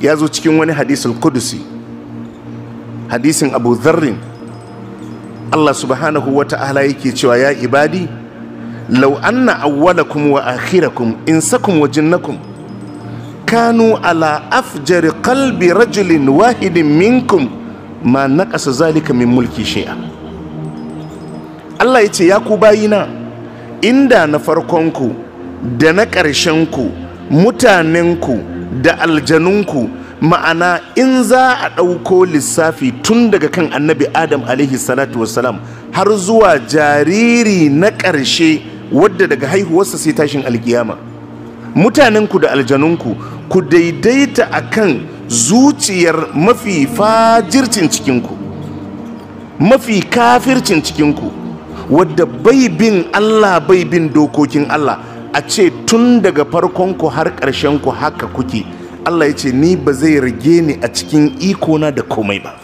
ya zo cikin wani hadisul kudusi hadisin abu zarrin Allah subhanahu wa ta'ala yake cewa ya ibadi na anna awwalakum wa akhirakum insakum wa jinnakum kanu ala afjari qalbi rajulin wahidin minkum ma naqasa zalika min mulki shi'a Allah yace ya ku bayina inda na farkonku da na ƙarshenku mutanenku da aljanunku ma'ana in za a ɗauko lissafi tun daga kan annabi adam alaihi salatu wasalam har zuwa jariri na ƙarshe wadda daga haihuwarsa sai tashin alkiyama mutanenku da aljanunku ku daidaita a kan zuciyar mafi fajircin cikinku mafi kafircin cikinku wadda bai bin allah bai bin dokokin allah a ce tun daga farkon ku har ku haka kuke Allah ya ce ni ba zai rage ni a cikin ikona da komai ba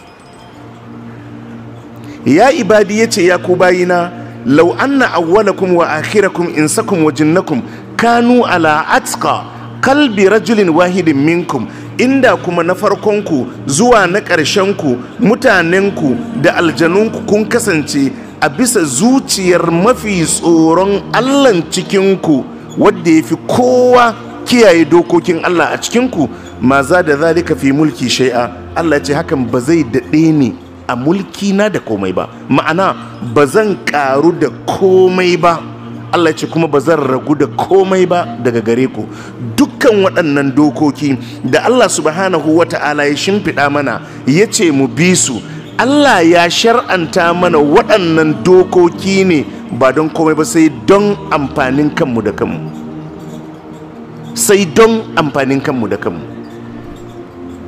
ya ibadi ya ce ya ku bayina lau anna awwalakum wa akhirakum insakum wa jinnakum kanu ala atqa kalbi rajulin wahidin minkum inda kuma na farkonku zuwa na ku, mutanen ku da aljanunku kun kasance a bisa zuciyar mafi tsoron allan cikinku wadda ya fi kowa kiyaye dokokin Allah a cikinku ma za da zalika fi mulki shai'a Allah ce hakan ba zai daɗe ni a mulki na da komai ba ma'ana ba zan ƙaru da komai ba Allah ce kuma ba zan ragu da komai ba daga gare ku dukkan waɗannan dokoki da Allah subhanahu ta'ala ya shimfiɗa mana ya ce mu bi su Allah ya shar'anta mana waɗannan dokoki ne ba don komai ba sai don amfanin kanmu da kanmu sai don amfanin kanmu da kanmu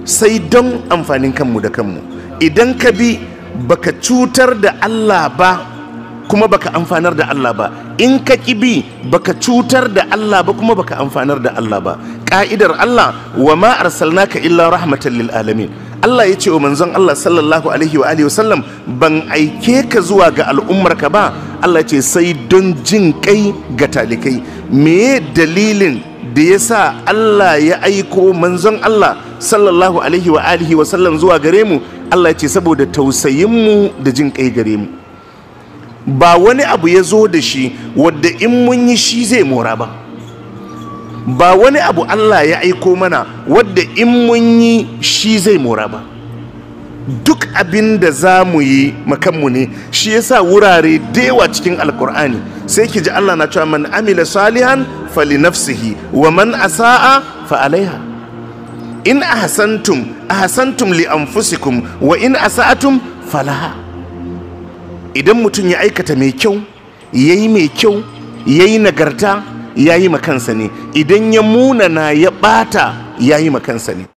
sai don amfanin kanmu da kanmu idan ka bi baka cutar da Allah ba kuma baka amfanar da Allah ba in ka ki bi baka cutar da Allah ba kuma baka amfanar da Allah ba ka'idar Allah wa ma arsalnaka illa rahmatan lil alamin Allah ya ce wa manzon Allah sallallahu alaihi wa alihi wasallam ban aike ka zuwa ga al'ummarka ba Allah ce sai don jin kai ga talikai me dalilin da ya sa Allah ya aiko manzon Allah sallallahu alaihi wa alihi wasallam zuwa gare mu Allah ce saboda tausayin mu da jin kai gare mu ba wani abu ya zo da shi wadda in mun yi shi zai mora ba ba wani abu Allah ya aiko mana wadda in mun yi shi zai mora ba duk abin da za mu yi makanmu ne shi yasa wurare dewa cikin alkur'ani sai ki ji Allah na cewa man amila salihan fali nafsihi wa man asa'a fa alaiha in ahsantum ahsantum li anfusikum wa in asa'atum falaha idan mutum ya aikata mai kyau yayi mai kyau yayi nagarta ya yi kansa ne idan ya munana ya ɓata ya yi kansa ne